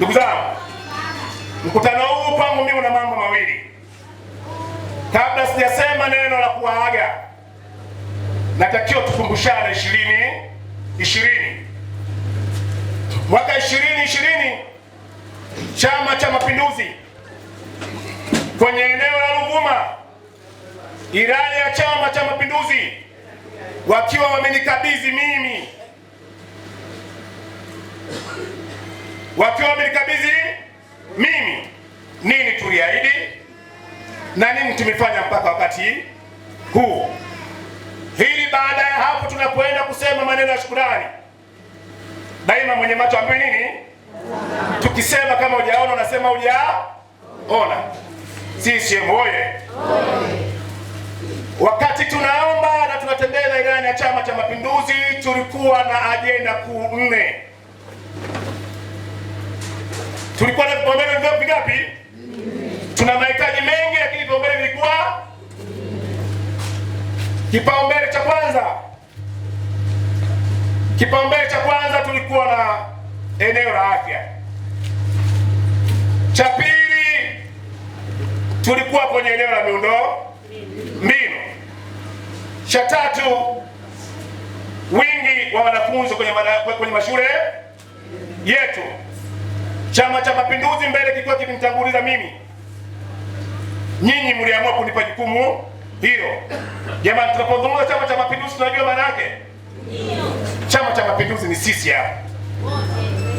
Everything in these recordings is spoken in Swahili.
Ndugu zangu, mkutano huu pangu mimi una mambo mawili. Kabla sijasema neno la kuwaaga, natakiwa tukumbushane ishirini ishirini mwaka ishirini ishirini Chama cha Mapinduzi kwenye eneo la Ruvuma, ilani ya Chama cha Mapinduzi wakiwa wamenikabidhi mimi wakiwa wamenikabidhi mimi nini tuliahidi na nini tumefanya mpaka wakati huu. Hili baada ya hapo, tunapoenda kusema maneno ya shukurani, daima mwenye macho ambaye nini, tukisema kama hujaona unasema hujaona. CCM e. oye! Wakati tunaomba na tunatembeza ilani ya Chama cha Mapinduzi, tulikuwa na ajenda kuu nne. Tulikuwa na vipaumbele vilikuwa vingapi? Tuna mahitaji mengi, lakini vipaumbele vilikuwa kipaumbele cha kwanza, kipaumbele cha kwanza tulikuwa na eneo la afya. Cha pili tulikuwa kwenye eneo la miundo mbinu. Cha tatu wingi wa wanafunzi kwenye, kwenye mashule yetu Chama cha Mapinduzi mbele kikiwa kimenitanguliza mimi, nyinyi mliamua kunipa jukumu hilo. Jamani, tunapozungumza Chama cha Mapinduzi tunajua maana yake. Chama cha Mapinduzi ni sisi hapa,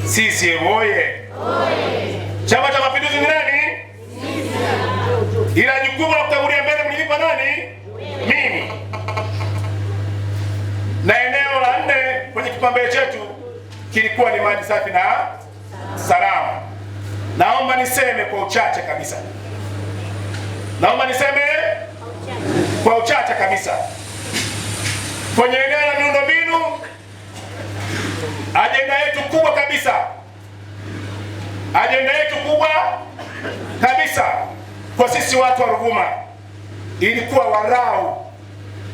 sisi oye! Chama cha Mapinduzi ni nani? Ila jukumu la kutangulia mbele mlinipa nani? Mimi. Na eneo la nne kwenye kipambele chetu kilikuwa ni maji safi na salama. Naomba niseme kwa uchache kabisa, naomba niseme kwa uchache kabisa kwenye eneo la miundombinu, ajenda yetu kubwa kabisa, ajenda yetu kubwa kabisa kwa sisi watu wa Ruvuma ilikuwa warau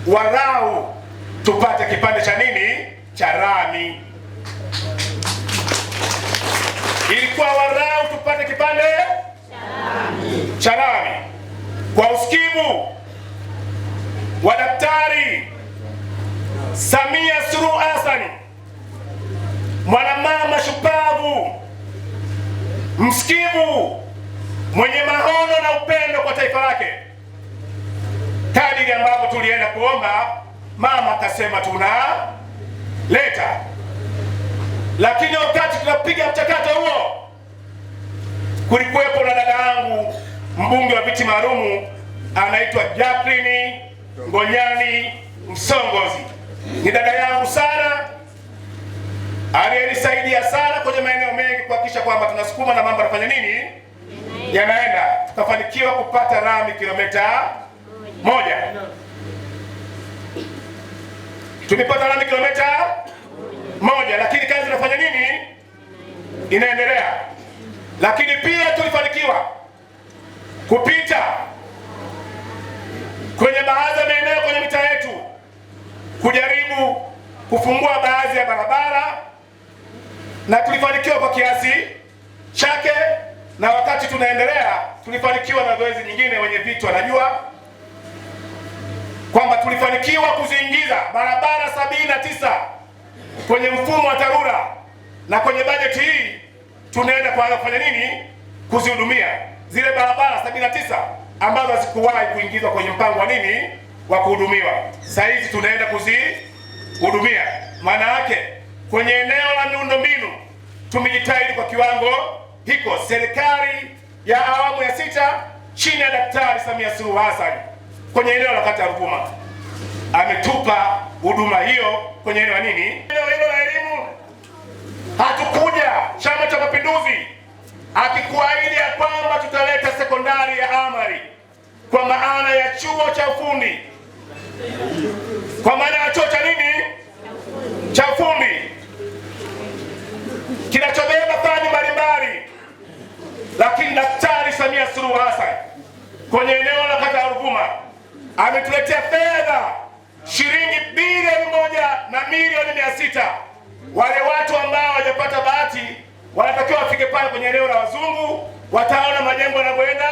warau, tupate kipande cha nini cha rami ilikuwa warau tupate kipande cha lami kwa usikivu wa Daktari Samia Suluhu Hassan, mwanamama shupavu, msikivu, mwenye maono na upendo kwa taifa lake. Kadiri ambapo tulienda kuomba, mama akasema tunaleta lakini wakati tunapiga mchakato huo, kulikuwepo na dada yangu mbunge wa viti maalumu anaitwa Jacqueline Ngonyani Msongozi. Ni dada yangu sana aliyenisaidia sana kwenye maeneo mengi kuhakikisha kwamba tunasukuma na mambo yanafanya nini, yanaenda tukafanikiwa kupata rami kilomita moja, tumepata rami kilomita moja, lakini kazi inafanya nini? Inaendelea. Lakini pia tulifanikiwa kupita kwenye baadhi ya maeneo kwenye mitaa yetu kujaribu kufungua baadhi ya barabara na tulifanikiwa kwa kiasi chake, na wakati tunaendelea tulifanikiwa na zoezi nyingine, wenye viti wanajua kwamba tulifanikiwa kuziingiza barabara sabini na tisa kwenye mfumo wa TARURA na kwenye bajeti hii tunaenda kuanza kufanya nini kuzihudumia zile barabara tisa ambazo hazikuwahi kuingizwa kwenye mpango wa nini wa kuhudumiwa. Sasa hizi tunaenda kuzihudumia. Maana yake kwenye eneo la miundombinu tumejitahidi kwa kiwango hiko. Serikali ya awamu ya sita chini ya Daktari Samia Suluhu Hassan kwenye eneo la kata ya Ruvuma ametupa huduma hiyo kwenye eneo nini, hilo la elimu. Hatukuja Chama cha Mapinduzi akikuahidi ya kwamba tutaleta sekondari ya amali kwa maana ya chuo cha ufundi, kwa maana ya chuo cha nini cha ufundi kinachobeba fani mbalimbali, lakini Daktari Samia Suluhu Hassan kwenye eneo ametuletea fedha shilingi bilioni moja na milioni mia sita. Wale watu ambao hawajapata bahati wanatakiwa wafike pale kwenye eneo la wazungu, wataona majengo yanavyoenda